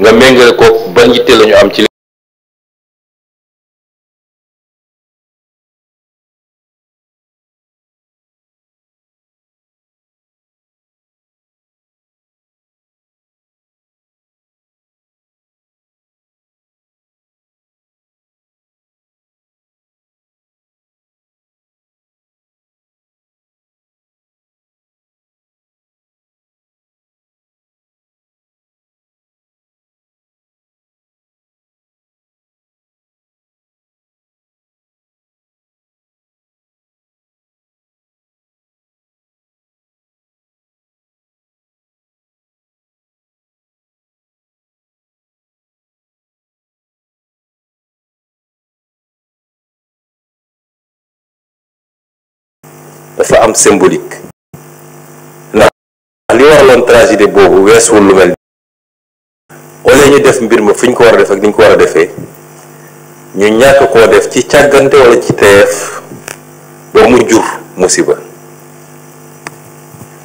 nga mengale ko ban yitte lañu am ci am symbolique ndax li waraloon tragédie boobu weesuwul lu mel wala ñu def mbir ma fu ko war a def ak ni ko war a defee ñu ñàkk ko def ci càggante wala ci teef ba mu jur musiba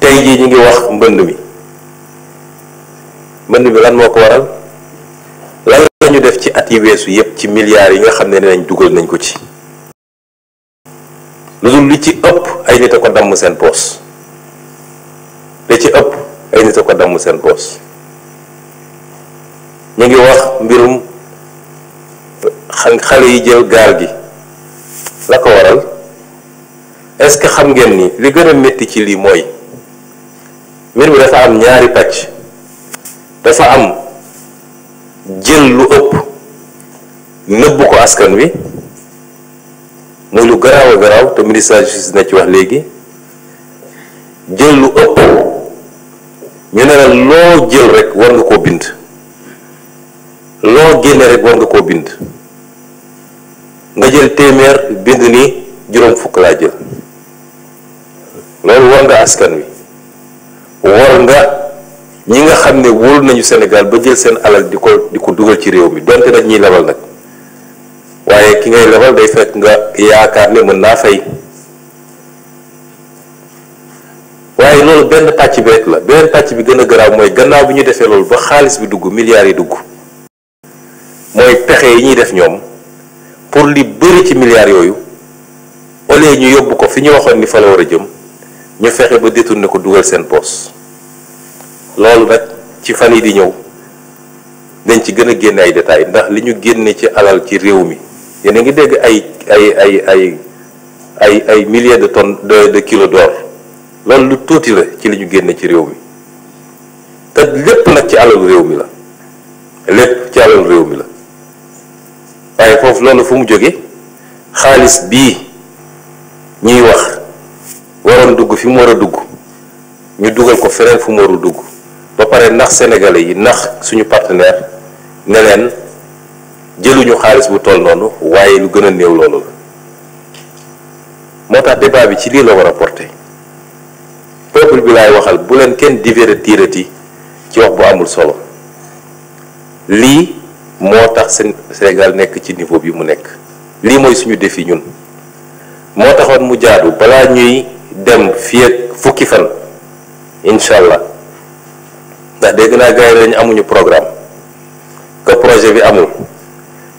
tey jii ñu ngi wax mbënd mi mbënd mi lan moo ko waral lan la def ci at yi weesu yépp ci milliards yi nga xam ne nañ dugal nañ ko ci ludul li ci upp ay nit ko dam sen up li ci upp ay nit ko dam sen poos ñi ngi wax mbirum xale yi jël gar gi la ko waral est ce xam ngeen ni li gëna metti ci li moy mbir dafa am ñaari patch dafa am jël lu upp neub ko askan wi muy lu garaaw a garaaw te ministre de na ci wax léegi jël lu ëpp ñu ne la loo jël rek war nga koo bind loo génne rek war nga koo bind nga jël téeméer bind ni juróom fukk laa jël loolu war nga askan wi war nga ñi nga xam ne wóolu nañu senegal ba jël seen alal di ko di ko dugal ci réew mi donte nag ñiy labal nag waye ki ngay lebal day fekk nga yaakaar ne mën naa fay waaye loolu benn pàcc bi rek la benn pàcc bi gën a garaaw mooy gannaaw bi ñu defee loolu ba xaalis bi dugg milliards yi dugg mooy pexe yi ñuy def ñoom pour li bëri ci milliards yooyu au lieu ñu yóbbu ko fi ñu waxoon ni fa la war a jëm ñu fexe ba détourné ko dugal seen poos loolu nag ci fan yi di ñëw dañ ci gën a génne ay détails ndax li ñu génne ci alal ci réew mi yéen a ngi dégg ay ay ay ay ay ay milliers de tonnes de de kilo d'or loolu lu tuuti la ci li ñu génne ci réew mi te lépp nag ci alalu réew mi la lépp ci alalu réew mi la waaye foofu loolu fu mu jóge xaalis bii ñuy wax waroon dugg fi mu war a dugg ñu dugal ko feneen fu mu warul dugg ba pare ndax sénégalais yi ndax suñu partenaire ne jëluñu xaalis bu toll noonu waaye lu gën a néew loolu la moo tax débat bi ci lii la war a porté peuple bi laay waxal bu leen kenn divertirati ci wax bu amul solo lii moo tax sen Sénégal nekk ci niveau bi mu nekk lii mooy suñu défi ñun moo taxoon mu jaadu balaa ñuy dem fii fukki fan incha allah ndax dégg naa gars yi amuñu programme que projet bi amul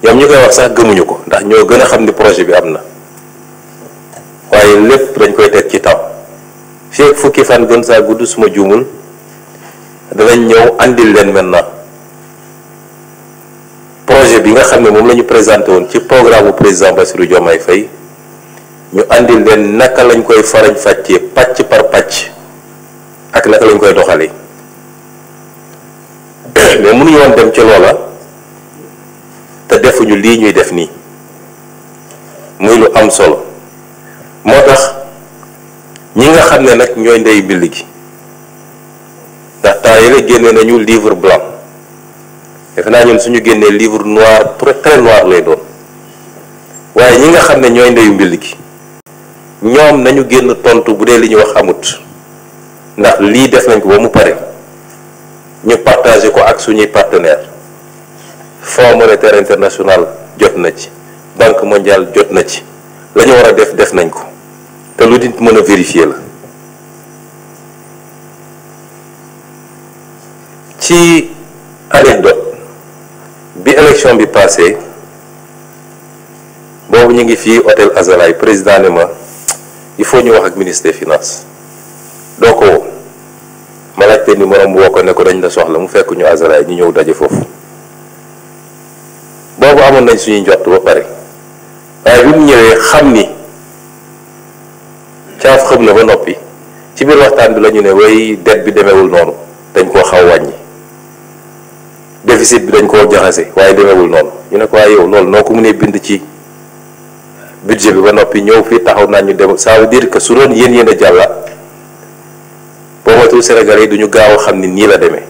ñoom ñu koy wax sax gëmuñu ko ndax ñoo gën a xam ni projet bi am na waaye lépp dañ koy teg ci taw fii fukki fan gën saa gudd suma juumul danañ ñëw andil leen maintenant projet bi nga xam ne moom la ñu présenté woon ci programme bu président Bassirou Diomaye Faye ñu andil leen naka lañ koy farañ fàccee pàcc par pàcc ak naka lañ koy doxalee mais mënuñu woon dem ci loola. defuñu lii ñuy def nii muy lu am solo moo tax ñi nga xam ne nag ñooy ndey mbill gi ndax temps génne nañu livre blanc defe naa ñun suñu génnee livre noir très noir lay doon waaye ñi nga xam ne ñooy ndeyu mbill gi ñoom nañu génn tontu bu dee li ñu wax amut ndax lii def nañ ko ba mu pare ñu partagé ko ak suñuy partenaire fonds monétaire international jot na ci banque mondiale jot na ci lañu war a def def nañ ko te lu nit mën a vérifier la ci anecdote bi élection bi passé boobu ñu ngi fii hôtel Azalai président ne ma il faut ñu wax ak ministre des finances doo ko ma laajte numéro am woo ko ne ko dañ la soxla mu fekk ñu Azalai ñu ñëw daje foofu amoon nañ suñu njott ba pare waaye bi mu ñëwee xam ni caaf xam na ba noppi ci biir waxtaan bi la ñu ne way dette bi demewul noonu dañ koo xaw wàññi déficit bi dañ koo jaxase waaye demewul noonu ñu ne ko waaye yow loolu noo ko mënee bind ci budget bi ba noppi ñëw fii taxaw naa ñu dem ça veut dire que su doon yéen yéen a jàlla boobatul Sénégalais yi duñu gaaw a xam ni nii la demee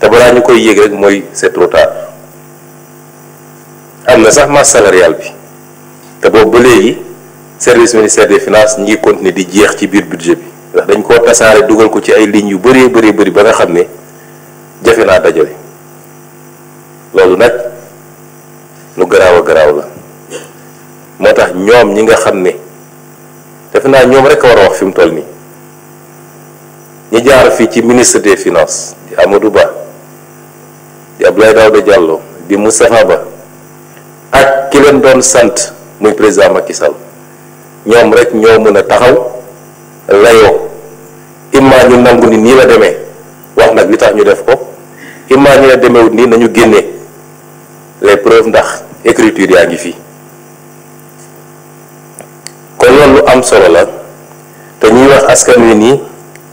te balaa ñu koy yéeg rek mooy c'est trop am na sax masse salariale bi te boobu ba léegi service ministère des finances ñi ngi continuer di jeex ci biir budget bi ndax dañ koo tasaare dugal ko ci ay lignes yu bëree bëri bëri ba nga xam ne jafe naa dajale loolu nag lu garaaw a garaaw la moo tax ñoom ñi nga xam ne defe naa ñoom rek war a wax fi mu toll nii ñi jaar fii ci ministre des finances di Amadou Ba di Abdoulaye Daouda jàlloo di Moustapha Ba. ki don doon sant muy président Macky Sall ñom rek ñoo mëna a taxaw layo imma ñu nangu ni nii la démé wax nak li tax ñu def ko imma ñu démé demeewut nañu génné les preuves ndax écriture yaa ngi fii kon am solo la té ñuy wax askan wi ni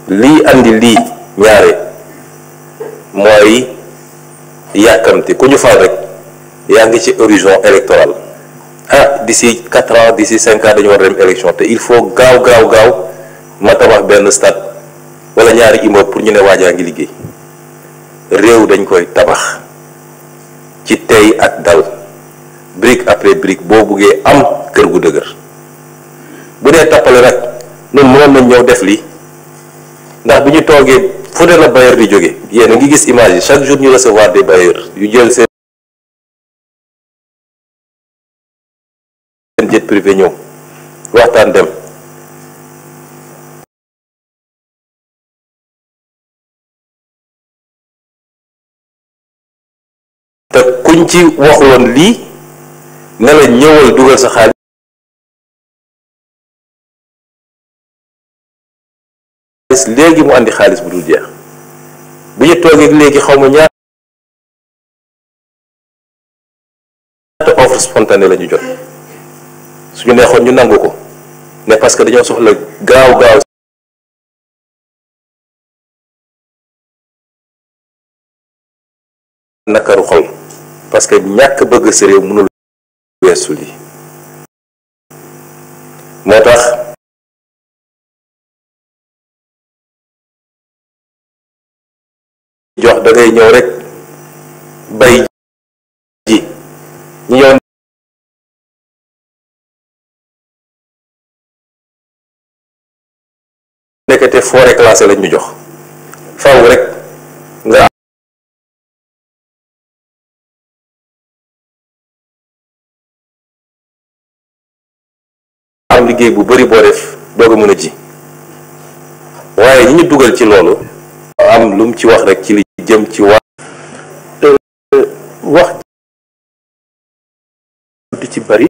li andi li ñaare moy yakamti ku ñu faal rek yang ngi ci horizon électoral ah d'ici 4 ans d'ici 5 ans dañu war élection té il faut gaw gaw gaw ma tabax ben stade wala ñaari immeuble pour ñu né waja ngi liggéey réew dañ koy tabax ci tay ak dal brick après brick bo buggee am kër gu dëgër bu dé tappale rek ñun mënoon nañ ñëw def li ndax buñu toggé fu dé la bailleur di joggé yéen ngi gis image chaque jour ñu recevoir des bailleurs yu jël privé ñëw waxtaan dem kuñ ci wax woon lii ne la ñëwal dugal sa xaalis léegi mu àndi xaalis bu dul jeex bu ñu toogee léegi xaw ma ñaar te offre jot suñu neexoon ñu nangu ko mais parce que dañoo soxla gaaw gaaw nakaru xol parce que ñàkk bëgg sa réew mënul weesu lii moo tax jox da ñëw rek bay ji ñu ndekete forêt classée lañ jox faaw rek nga am liggéey bu bari boo def doog a mën ji waaye ñi ñu dugal ci loolu am lu ci wax rek ci li jëm ci wax wax di ci bari